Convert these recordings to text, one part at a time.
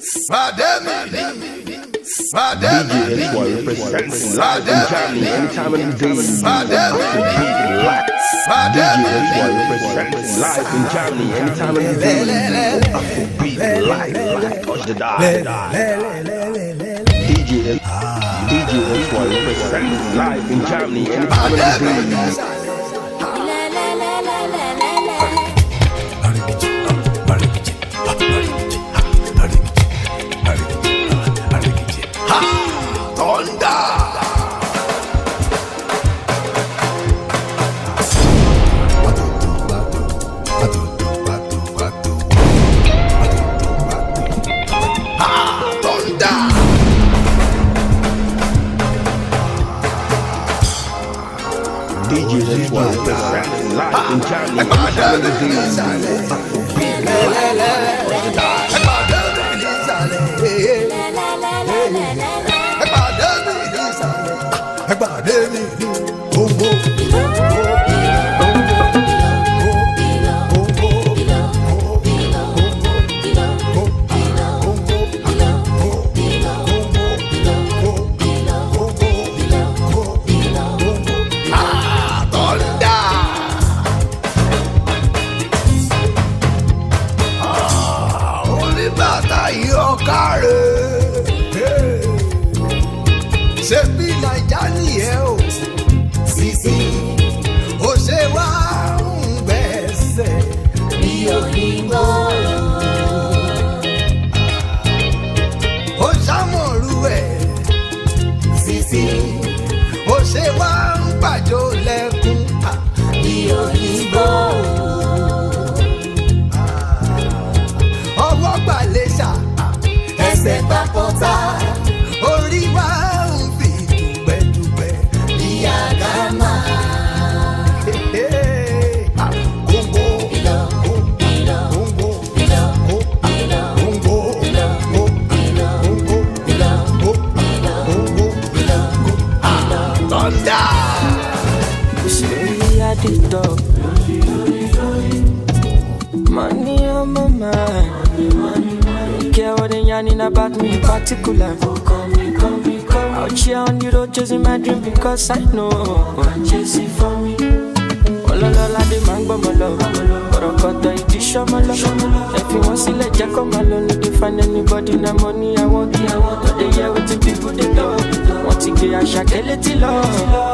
Anytime in the days, life in Germany. Anytime in the days, Afrobeat life. Touch the die. DJ DJ X Y represents life in Germany. Anytime in the days. melody. particular. Oh, call me, call me, call me. Out here on the road chasing my dream because I know. chase it for me. Ololola de máa ń gbọ́ mọ́ lọ. Ọ̀rọ̀ kọ̀tọ̀ ìdí ṣọ́mọ lọ. Ẹ̀fí wọn sílẹ̀ jẹ́ kó máa lọ. No dey find anybody na money I want. No dey hear wetin people dey talk. Wọ́n ti gbé àṣà kélé tí lọ.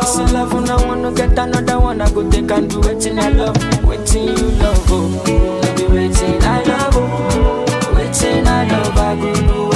Ìsí lọ́fún náà wọn no get another one. I go take and do wetin oh. I love. Oh. Wetin you love o. No be wetin I love o. Wetin I love I go do.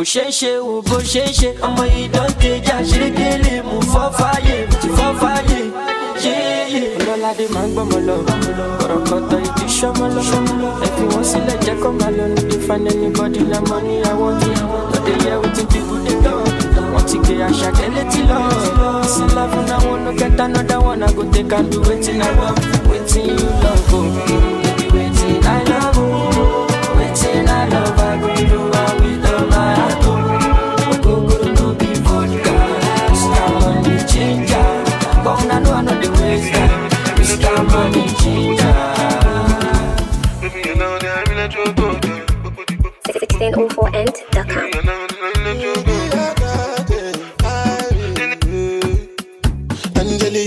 kò ṣeé ṣe o bó ṣeé ṣe ọmọ yìí dọ́dé jà ṣíríkìlì mú fọ́fáyé ti fọ́fáyé yéyé. ọlọ́ládé máa ń gbọ́mọ lọ ọ̀rọ̀ kọ́tọ̀ ìdí sọ́mọ lọ ẹ̀fín wọn sílẹ̀ jẹ́ kó máa lọ ní define anybody na money I want lọ́dẹ yẹ o ti di gúdé lọ wọ́n ti gbé àṣà délé tí lọ sí láfún náà wọn ló get another one I go take and do wetin I love wetin you love o oh. wetin I love o. Oh.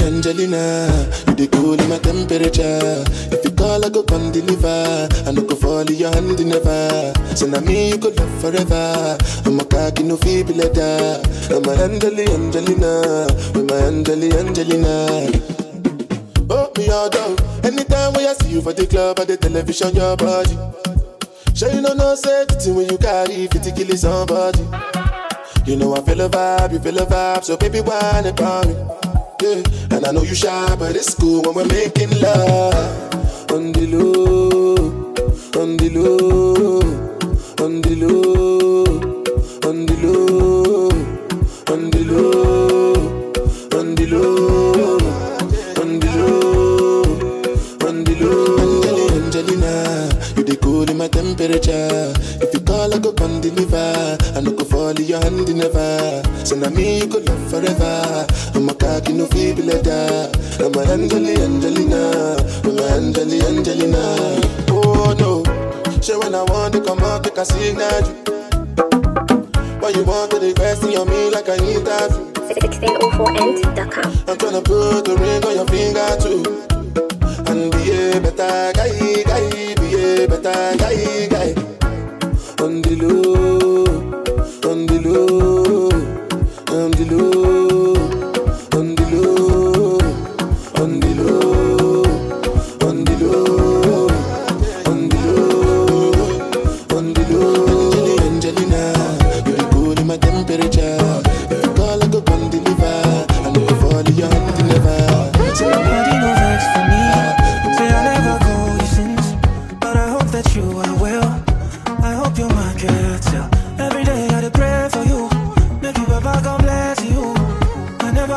Angelina, you the cool in my temperature come deliver. I no go fall in your hand never. So now me you could love forever. I'm a cocky no feeble letter. I'm a Angeli Angelina, with my Angeli Angelina. Oh me all down. Anytime when I see you for the club or the television, your body. Sure you know no safety when you carry 50 kill somebody. You know I feel a vibe, you feel a vibe, so baby why whine about me. Yeah. And I know you shy, but it's cool when we're making love on the low, on the low, on the low, on the low, on the low. holding my temperature. If you call, I go come deliver. I no go fall in your hand never. So now me you go love forever. I'm a cocky no feeble letter. I'm a Angeli Angelina. I'm a Angeli Angelina. Oh no, she when I want to come out, take a signal. Why you want to invest in me like I need that? 1604end.com. I'm tryna put the ring on your finger too. And be a better guy, guy better guy guy on the low on the low on the low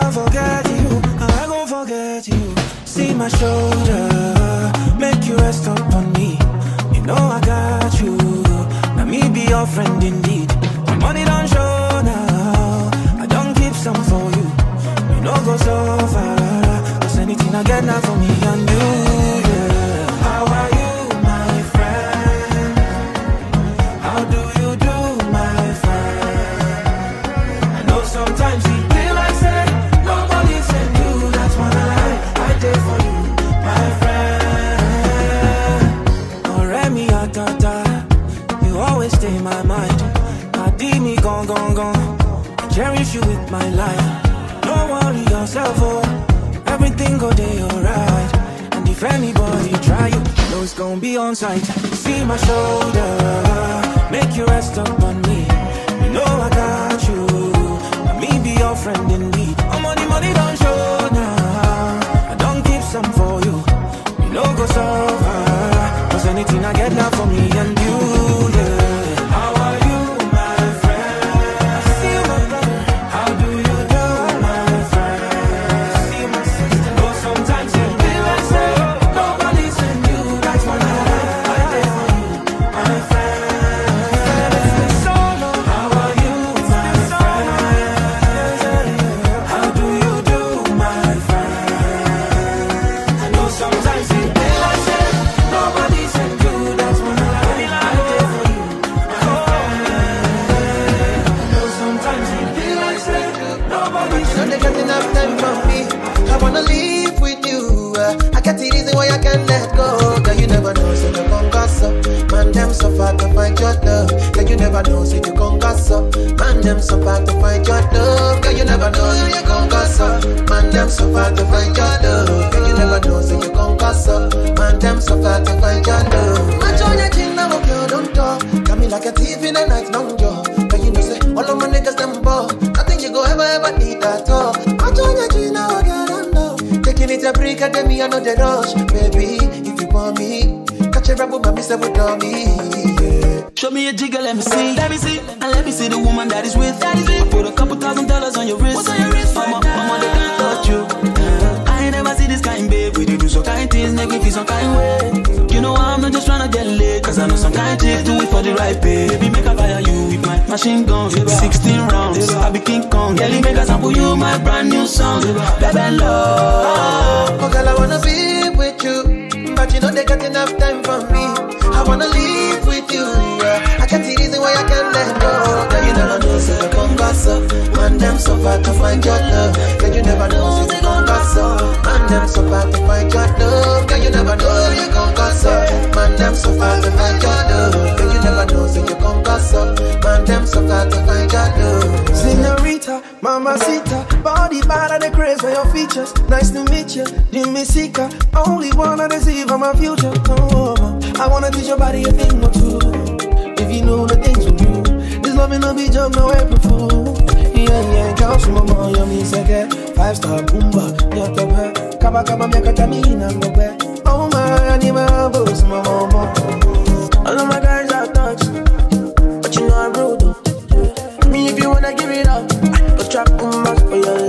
I'll forget you I won't forget you See my shoulder Make you rest on me You know I got you let me be your friend indeed My money don't show now I don't keep some for you You know go so far Cause anything I get now for me and you my life. Don't worry yourself, oh, everything go day alright. And if anybody try you, know it's gonna be on sight. See my shoulder, make you rest upon me. You know I got you. Let me be your friend in never know, so you come conquer so. Man, them so far to find your love. Girl, you never know, so you come conquer so. Man, them so far to find your love. Girl, you never know, so you come conquer so. Man, them so far to find your love. Match on your chin, now blood on top. Got me like a thief in the night, long jaw. Girl, you know, say all of my niggas them ball. Nothing you go ever ever need at all. Match on your chin, now girl on top. Taking it a break, I tell me I know the rush, baby. If you want me, catch a rebel, but me say, what me. Show me a jigger, let me see. Let me see. And let me see the woman that is with. That is with. put a couple thousand dollars on your wrist. What's on your wrist? Mama, mama, they can't touch you. Uh, I ain't never see this kind, babe. you do some kind things, make me feel some kind way. You know I'm not just trying to get laid. Cause I know some kind chicks do it for the right pay. Baby, make a fire you with my machine gun. 16 rounds, I be King Kong. Kelly, make a sample you my brand new song. Baby, love. Oh, girl, I wanna be with you. But you know they got enough time for me. I wanna leave. Man, them suffer to find your love. Yeah, you never know if you gon' cause so. And them suffer to find your love. Yeah, you never know if you gon' cause so. Man, them suffer to find your love. Yeah, you never know if you gon' cause so. Man, them suffer to find your love. Senorita, mamacita, body bad at the craze for your features. Nice to meet you, you me seeker. Only wanna deceive on my future. Oh, I wanna teach your body a thing or two. If you know the things we do, this love will not be jump no April fool. Yeah, yeah, just mama, yo say seke Five star boomba, nyatewe Kaba kaba me me miaka tamina mbewe Oh my, I need ni mabos, mama, mama All of my guys are thugs But you know I'm rude, Me if you wanna give it up Go trap boomba for your life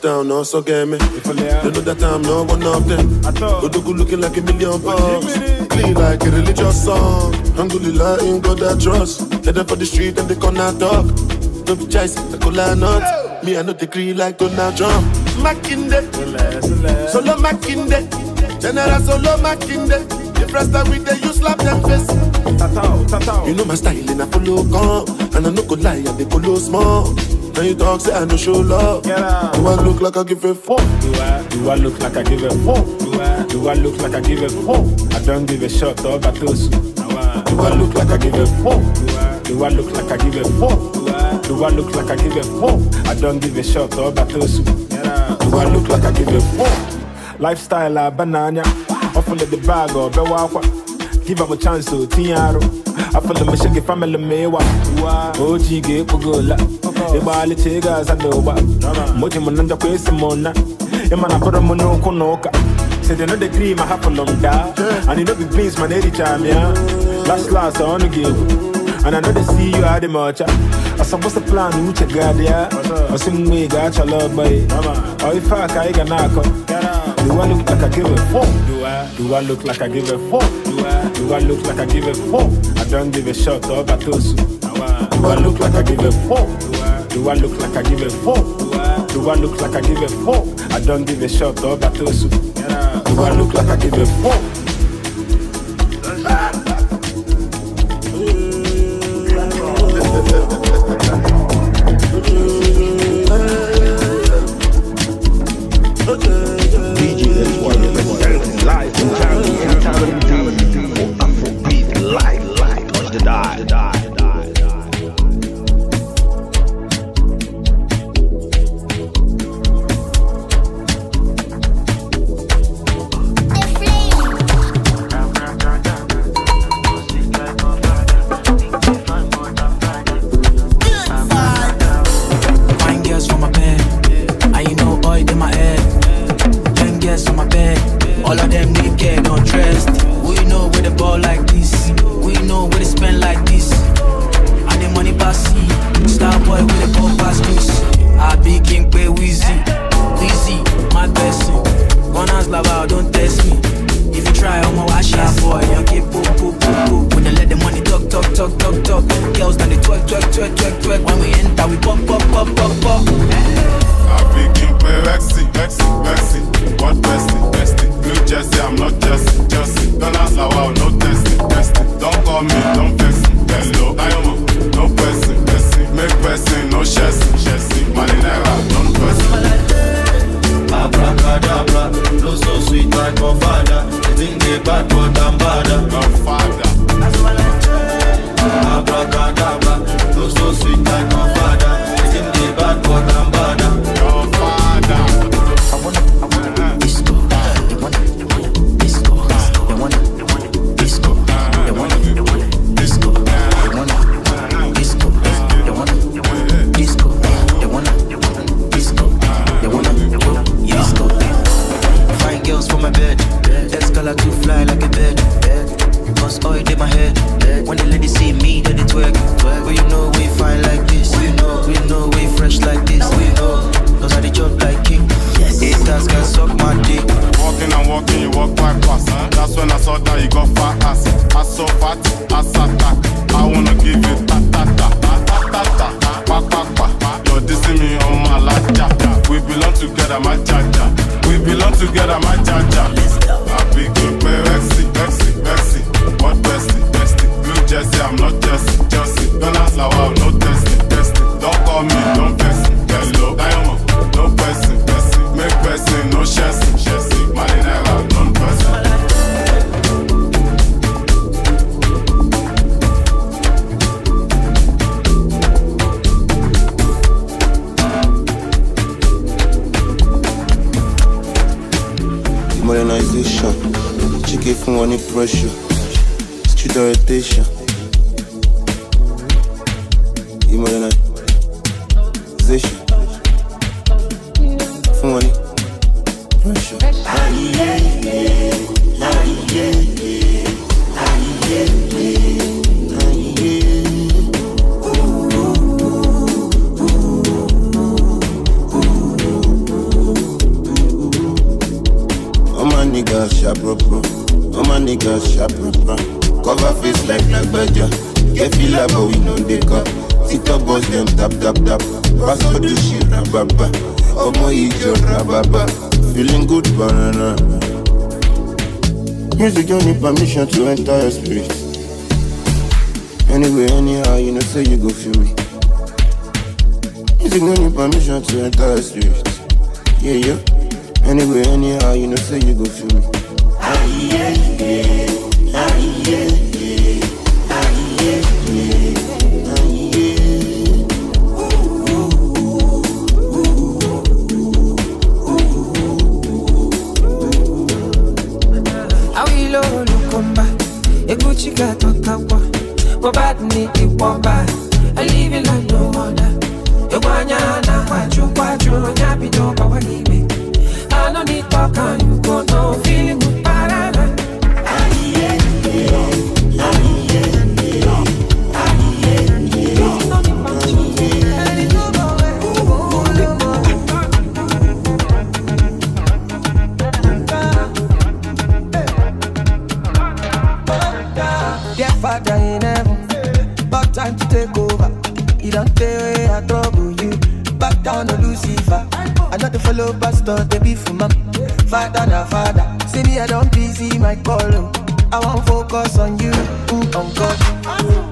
touchdown, no so get me. You know that I'm not one of them. Odogu looking like a million bucks. Clean like a religious song. Angulila in God I trust. Headed for the street and they corner talk. No be choice, I could like not. Me I know the green like Donald Trump. Makinde, solo Makinde, General solo Makinde. If rasta with the you slap them face. Tatao, tatao. You know my style and I follow calm, and I know go lie, I dey follow small. Now you talk, say I no show love. Do I look like I give a fuck? Do I, do I look like I give a fuck? Do I, do I look like I give a fuck? I don't give a shot or a toast. Do I look like I give a fuck? Do I look like I give a fuck? Do I look like I give a fuck? I don't give a shot or a toast. Do I look like I give a fuck? Lifestyle a banana. Offer the bag or oh, be wakwa. Give up a chance to oh, tiaro. I feel the mission, give family me wa. OG, oh, get go la ibali chiga zadoba muti munanja kwesi mona imana bora muno kunoka say they know I happen on that and you know the beans every time yeah last last I wanna give and I know they see you had the much I suppose the plan who check God yeah I sing me got your love boy oh if I can't get do I look like I give a fuck? Do I? Do I look like I give a fuck? Do I? Do I look like I give a fuck? I don't give a shot, dog. I toast. Do I look like I give a fuck? Do I? Do I look like I give a fuck? Do I look like I give a fuck? I don't give a shut dog. I told you. Do I look like I give a fuck? tap tap. Pass for the shit, rababa. Omo ijo, rababa. Feeling good, banana. Music don't need permission to enter your spirit. Anyway, anyhow, you know, say you go feel me. Music don't need permission to enter your spirit. Yeah, yeah. Anyway, anyhow, you know, say you go feel me. Ah, yeah, yeah. Ah, yeah. got What bad need it I live it like no other You want ya na kwachu kwachu Nyapi no I don't need talk and you go no feeling don't pay I trouble you. Back down on Lucifer. I not to follow pastor, they be for mom. Father na father. See me, I don't busy my call. I won't focus on you, mm, God.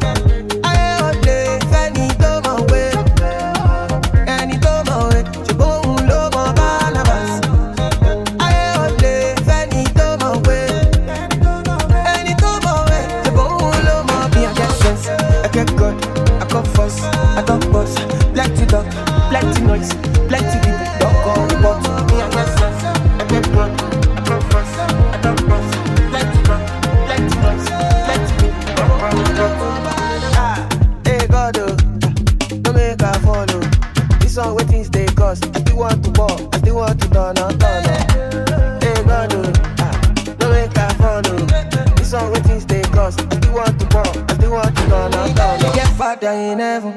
father in heaven.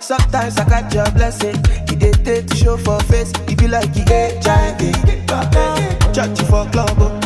Sometimes I got your blessing. He did take to show for face. He be like the HIV. Church for club. Oh.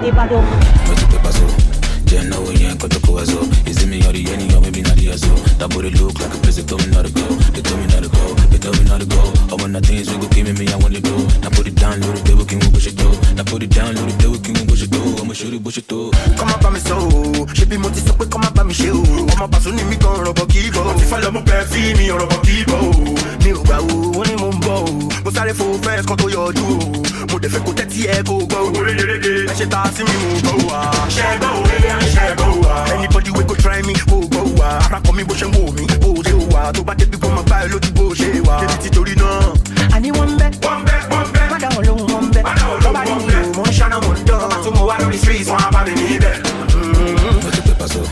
Ibadan. Jenna we ain't got to go Is it me or the any or maybe not the as That body look like a place they me not to go. They told me not to go. They told me not to go. I want the things we go give me, I want to go. Now put it down, load it, they will king push it though. Now put it down, load it, they will king push it though. I'ma shoot it, push it though. Come up by me so. She be multi so quick, come up by me show. I'm a person in me go rubber keyboard. If I love my bad, me or rubber keyboard. sáré fo fẹ́ẹ́sì kan tó yọjú o mo dẹ̀ fẹ́ kó tẹ́tí ẹ kó gbọ́ o rédèrèdè ẹ ṣe ta sí mi mo gbọ́ wa. ṣe gbọ́ òwe yá ṣe gbọ́ wa. anybody wey go try me kó gbọ́ wa arákọ mi bó ṣe ń wò mí bó ṣe wà tó bá débi kó máa gbá ẹ lójú bó ṣe wà. débi ti torí náà. àní wọ́n ń bẹ́. wọ́n ń bẹ́ wọ́n ń bẹ́. má dáhùn lóhùn wọ́n ń bẹ́. má dáhùn lóhùn wọ́n ń bẹ́. mo ń ṣáná mo ń dán. àti mo wá lórí street wọn á bá mi níbẹ̀. ó mm-hmm. ti pẹ́ pàṣọ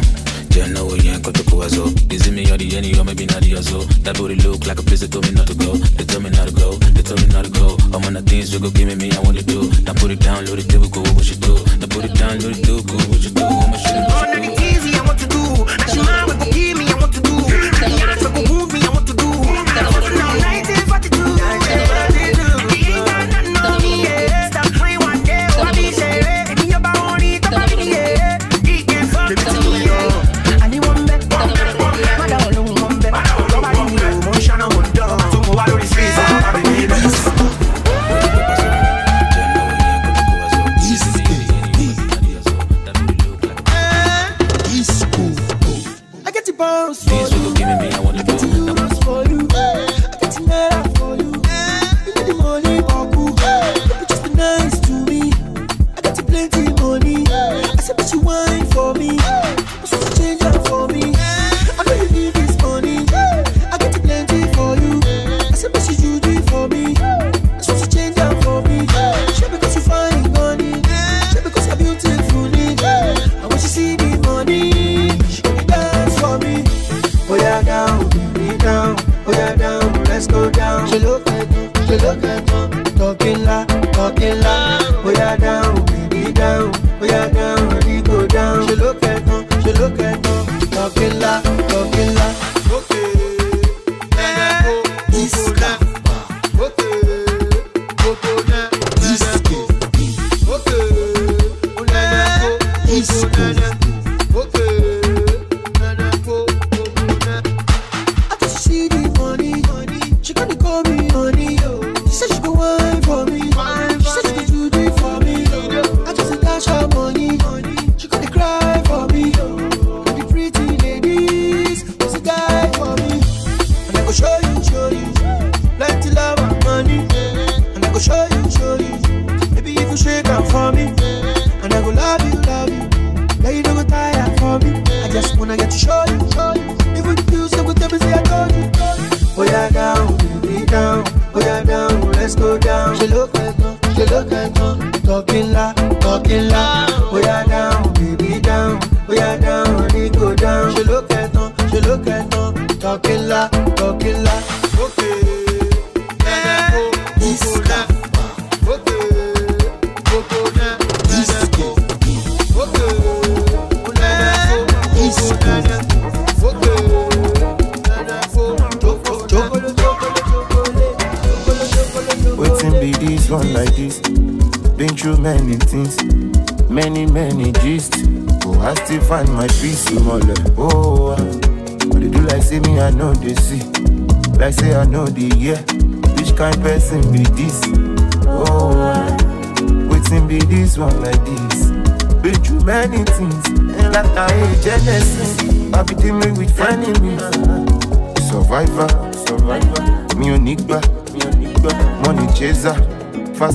jẹ́ náwó yẹn kó tó kó wá zó. Is it me or the enemy or maybe not the other? That booty look like a place they told me not to go. They told me not to go. go give me, I wanna do. Now put it down, load it, go, what you do? Now put it down, load it, down, got yeah down.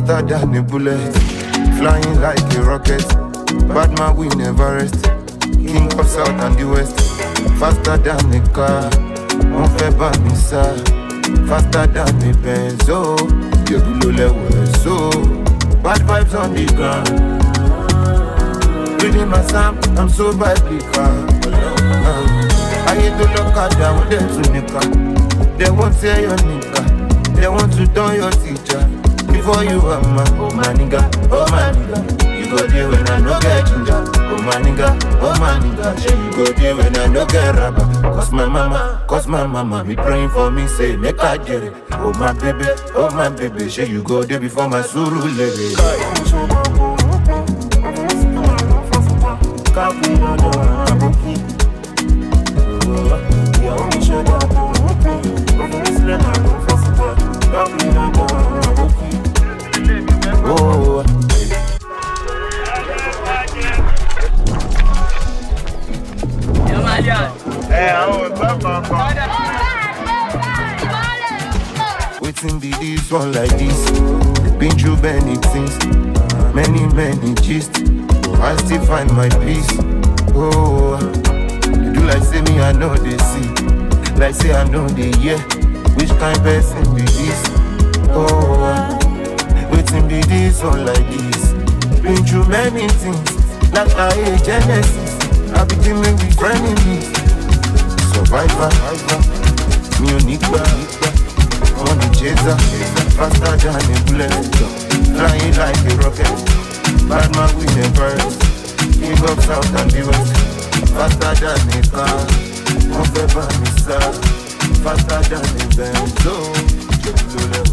faster than a bullet. Flying like a rocket. Bad man, we never rest. King of South and the West. Faster than a car. Wọ́n fẹ́ bá mi sá. Faster than a Benz. Oh, yẹ̀bù ló lẹ́wọ̀ so. Bad vibes on the ground. Reading my Sam, I'm so I biblical. Ayé tó lọ́kadà, wọ́n dẹ̀ tún nìkan. They won't say your nìkan. They want to turn your teacher. Before you are my, oh my nigga, oh my nigga You go there when I no get ginger Oh my nigga, oh my nigga Yeah, you go there when I no get rubber Cause my mama, cause my mama Me praying for me, say make I get it Oh my baby, oh my baby Yeah, you go there before my suru lady Copy on the one, I'm okay. Yo, yo, I'm sure that i We oh. Hey, I Waiting be this one like this. Been through many things, many many gist. I still find my peace. Oh, you do like say me, I know they see. Like say I know they hear. Which kind person be this? Oh. Nothing be this one like this. Been through many things. Like I genesis. I be dealing with frenemies. Survivor. Me unique. On the chaser. Faster than a bullet. Flying like a rocket. Bad man with a bird. King of South and the West. Faster than a car. Off a Faster than a Benzo.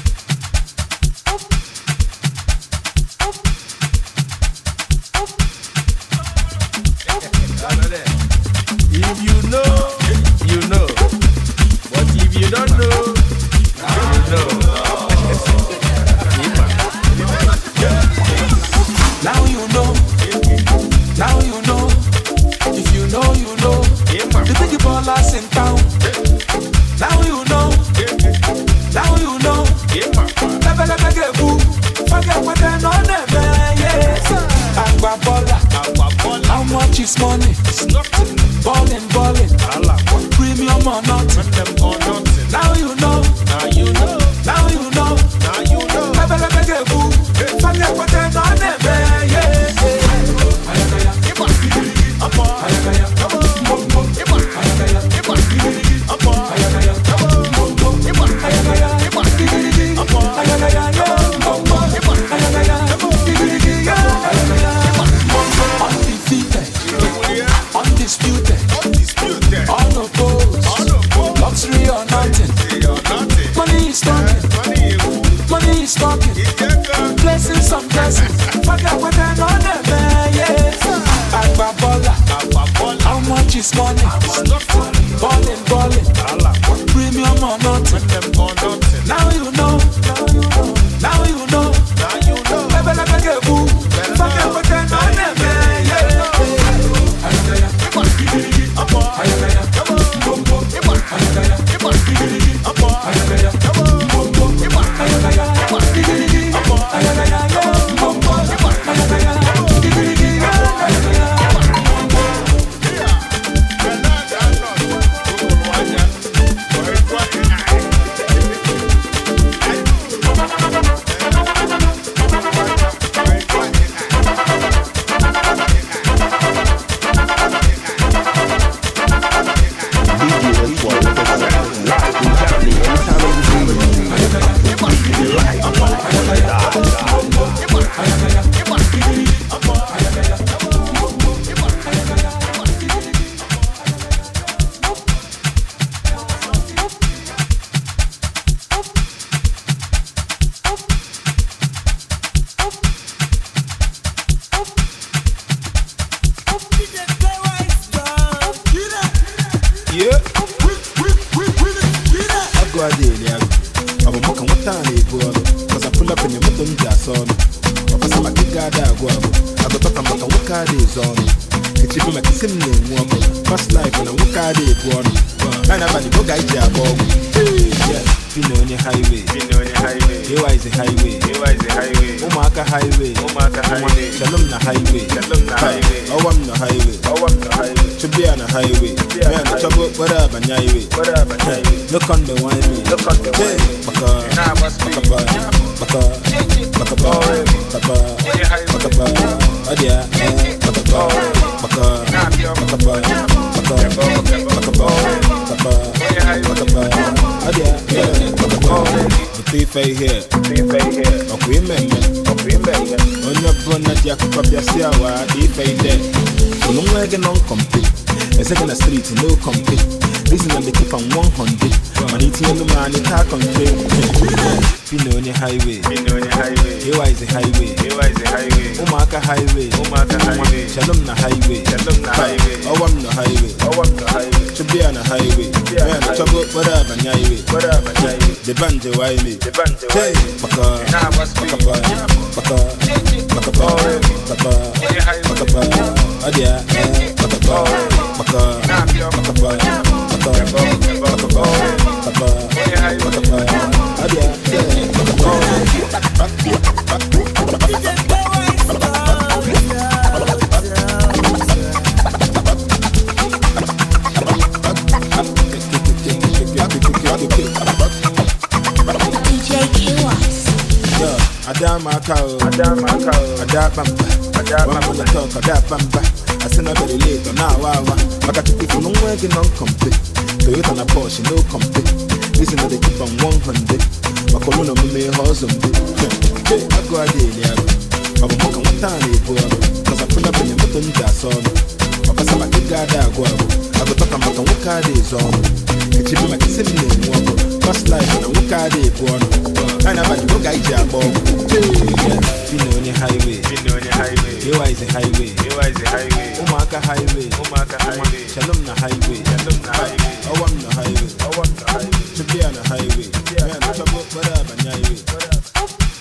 money. Ballin', ballin'. Premium or not. DJ Wiley. Hey, baka, baka ba, baka, Adamaka o Adamaka o Adabamba Adabamba One talk Adabamba I say no very late on our hour Maka to people no working on compete Toyota na Porsche no compete Listen to the keep on 100 Maka no me house hustle Hey, I go a day, yeah Baba, come one time, you go Cause I put up in the motor, you got ọkasa maka ndị ada agụ agụ agụtọka maka nwoke adị ezu ọnụ echibi maka isi m na-enwe ọkụ past na nwoke adị ebu ọnụ a na-abaji oge anyị ji agba ọgwụ bi na onye highway ewa is highway ụmụaka haiwe. shalom na haiwe. ọwa m na haiwe. chupu ya na haiwe. ya na chọgo okporo abanye highway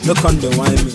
no condom wine me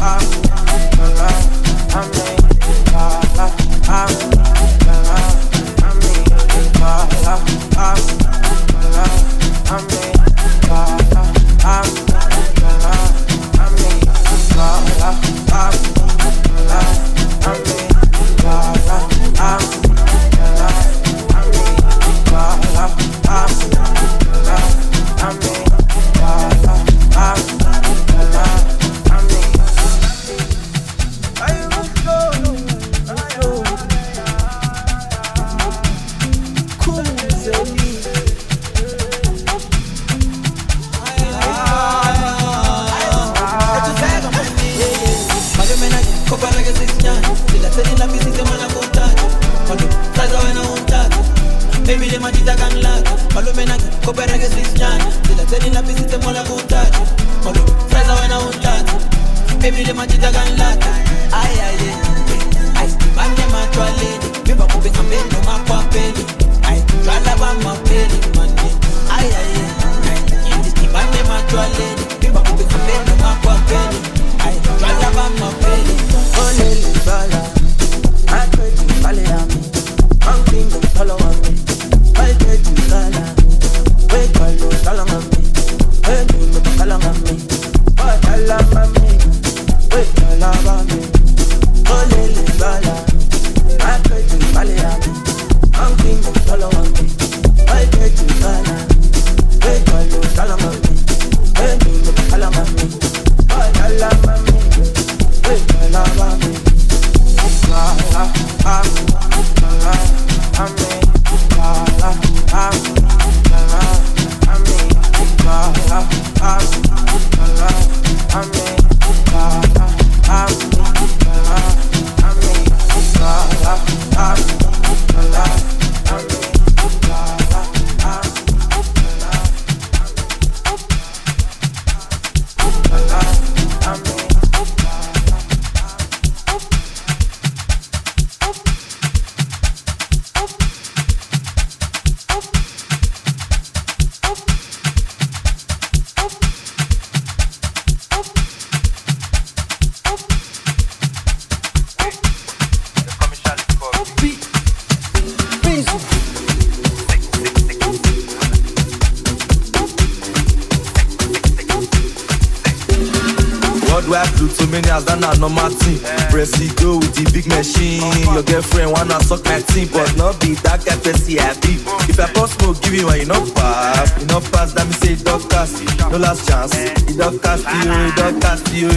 I'm alive. I'm last chance. It don't cast you,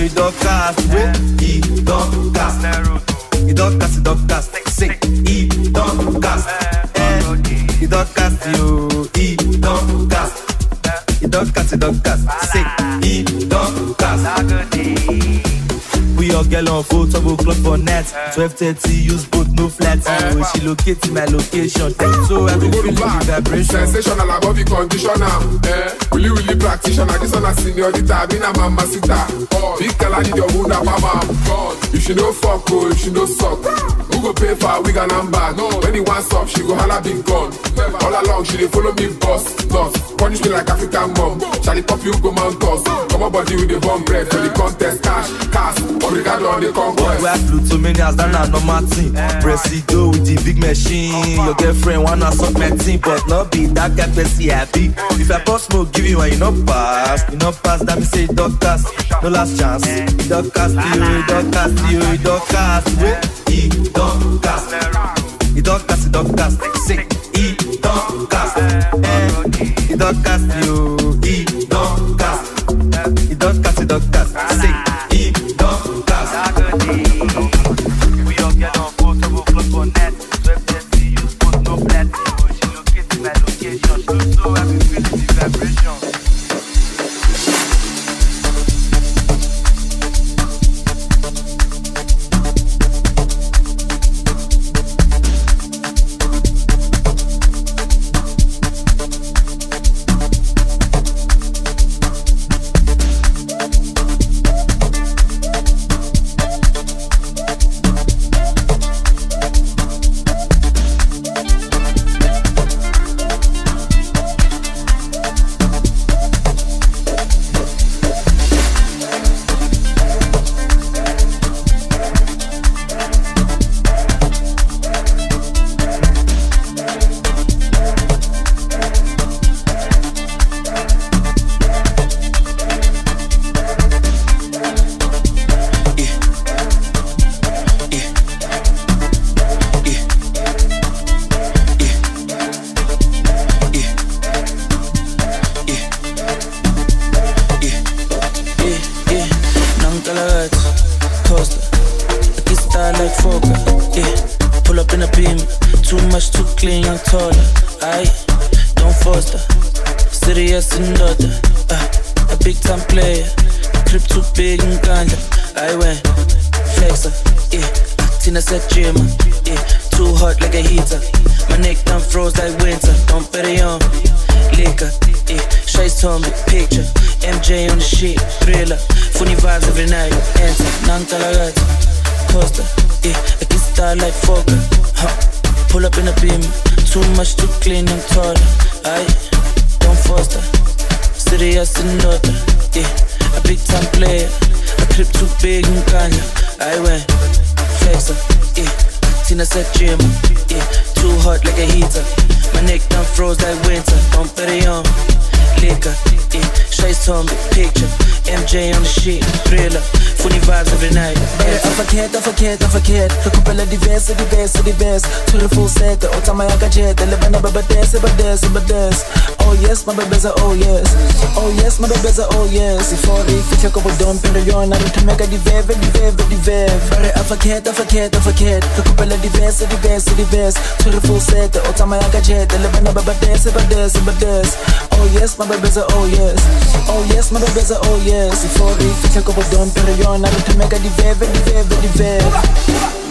12.30, use both no flat zero. Eh, oh, she located my location, so I go back. the vibration. Sensational above the conditioner. Eh? really willy practitioner, this one a senorita, been a mama sita. Big girl, I need your Buddha mama. If she no fuck, oh, if she no suck. Who go pay for a wig and I'm No. When he wants up, she go holla big gun. All along, she dey follow me boss. Nuts, punish me like African mom. Charlie pop you go mount us. Come on, body with the bomb breath for the contest. Cash, cash, obrigado on the conquest. I flew to many as that not normal team. Presido with the big machine. Your girlfriend wanna suck my team, but not be that guy pussy happy. If I pass, smoke, give you and you not pass. You not pass, that me say doctors. No last chance. Doctors, you, doctors, you, doctors. Wait, dans casse. Il dans casse, il dans casse. C'est, il dans casse. Eh, il dans casse, yo. Tanya, I went flexer, yeah Tina said gym, yeah Too hot like a heater My neck done froze like winter Don't put it on Liquor in Shades on big picture MJ on the shit, thriller Funny vibes every night yeah. Afakhet, afakhet, afakhet Kakupela diverse, diverse, diverse Tuli full set, otama yakajeta Lebana babadese, badese, badese Oh yes, mabebeza, oh yes Oh yes, mabebeza, oh yes Ifori, ficha kobo dompendo yona Lutameka diveve, diveve, diveve Bare afakhet, afakhet, afakhet Kakupela diverse, diverse, diverse Tuli full set, otama yakajeta Lebana babadese, badese, badese Oh yes, mabebeza, oh yes yes Oh yes, madabeza, oh yes Ifori, I kwa bodon, pero yon diva, diva, diva, diva.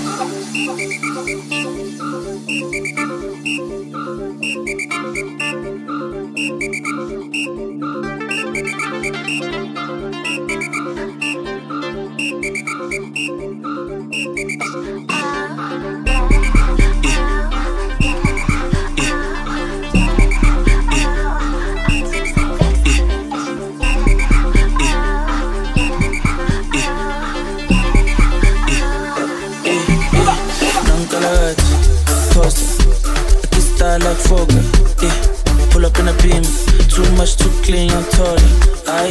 fly like Fogner. Yeah, pull up in a beam. Too much, too clean, I'm taller. I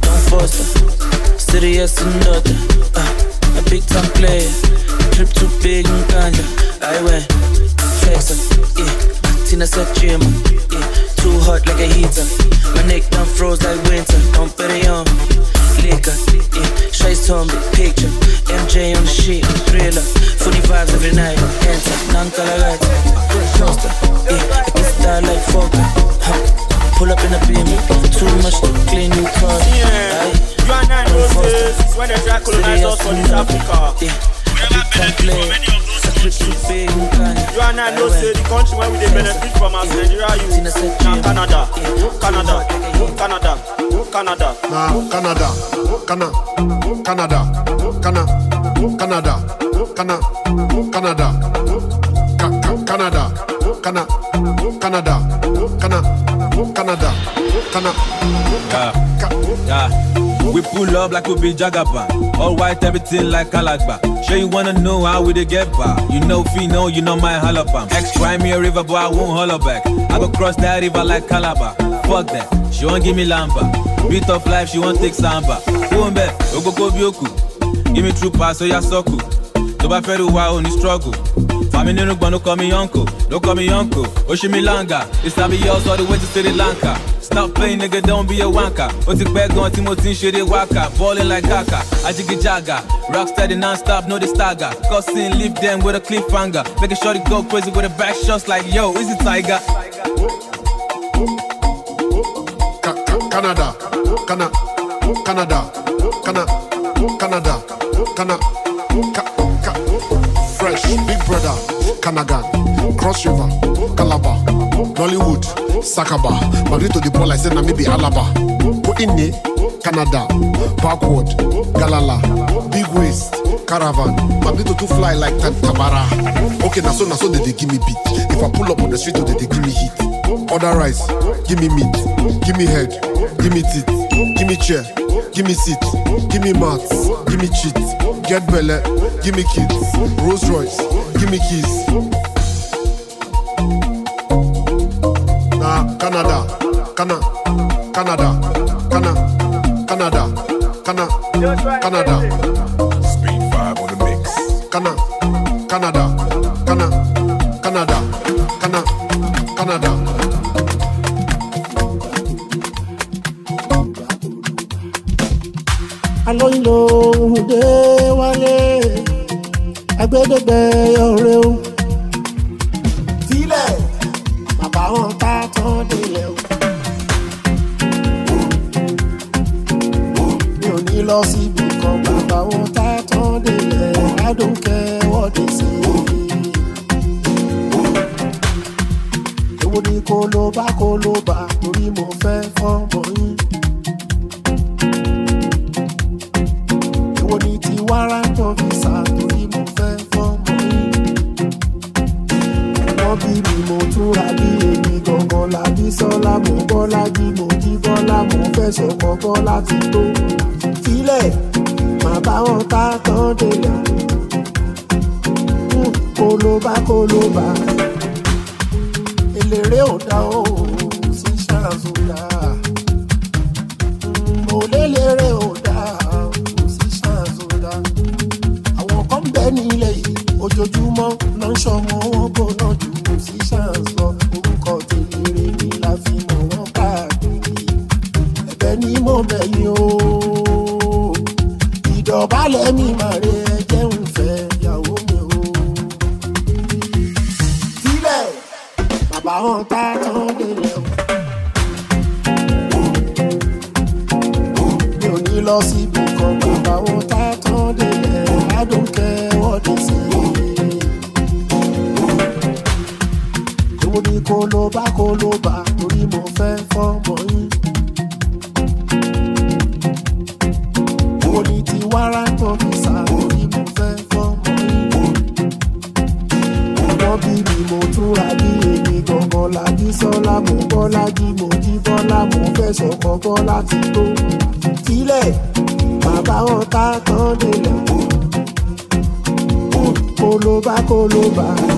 don't force foster. Serious another. Uh, ah, a big time player. Trip too big and Ganja. I went flexer. Yeah, Tina said gym. Yeah, too hot like a heater. My neck done froze like winter. Don't bet it on liquor. Yeah. FaceTime the picture MJ on the shit, thriller Funny vibes every night Hands up, none color lights Monster, yeah, I can die like Falcon huh. Pull up in a beam Too much to clean your car. Yeah, you and I know this When the drag colonized us for this Africa Yeah you and I know say the country where we benefit from us. Nigeria, you, Canada, Canada, Canada. Canada. Canada. Nah, Canada, Canada, Canada, Canada, Canada, Canada, Canada, Canada, Canada, Canada, Canada, Canada, Canada, Canada. Canada, We pull up like we be Jagaba. All white, everything like Alagba. Sure you wanna know how we dey get back? You know Fino, you know my halabam. Ex cry me a river, but I won't holler back. I go cross that river like Calabar. Fuck that, she won't give me lamba. beat of life she wan take samba kúńbẹ ogógó bí òkú give me true pass oya sọkù tó bá fẹ́ rí wa ò ní struggle fami nínú gbọ̀n no kọ́ mi yọ̀ǹkò no kọ́ mi yọ̀ǹkò oṣù mi langa it's abi the way to Sri Lanka stop playing nigga don't be a wanka ó ti pẹ́ gan tí mo ti ń ṣeré wákà balling like kaka ajigijaga rock steady nonstop, no dey stagger cussing leave them with a cliffhanger making sure they go crazy with the back shots like yo is it tiger. Canada. Canada, Canada, Canada, Canada, Cana, Fresh, Big Brother, Kanagan, Cross River, Calabar, Nollywood, Sakaba, Marito the ball, I said Namibi Alaba, Koine, Canada, Backward, Galala, Big Waist, Caravan, Marito to fly like Tabara. Okay, now so now so they, they give me beat. If I pull up on the street, they, they give me heat. Other rice, give me meat, give me head, give me teeth. Give me chair, give me seat, give me mats, give me cheat, get belly, give me kids, Rolls Royce, give me keys. Nah, Canada, Canada, Canada, Cana, Canada, Canada. Canada. alóyin lòun dé wálé agbẹ́dẹ́gbẹ́ ọ̀rẹ́ o. tilẹ̀ bàbá wọn ta tán délẹ̀ o. mi ò ní lọ síbi kan bàbá wọn ta tán délẹ̀ adókè wọ́dé sí i. èwo ni kó ló bá kó ló bá torí mo fẹ́ fọ́ bọ̀ wọ visa torí mo fẹ́ fọ́mọ yìí. wọ́n bí mi mo túra bí èmi gangan lábí sọ́lá mo bọ́lá bí mo jí bọ́lá mo fẹ́ sọ kọ́kọ́ hmm, o. kólóbá kólóbá.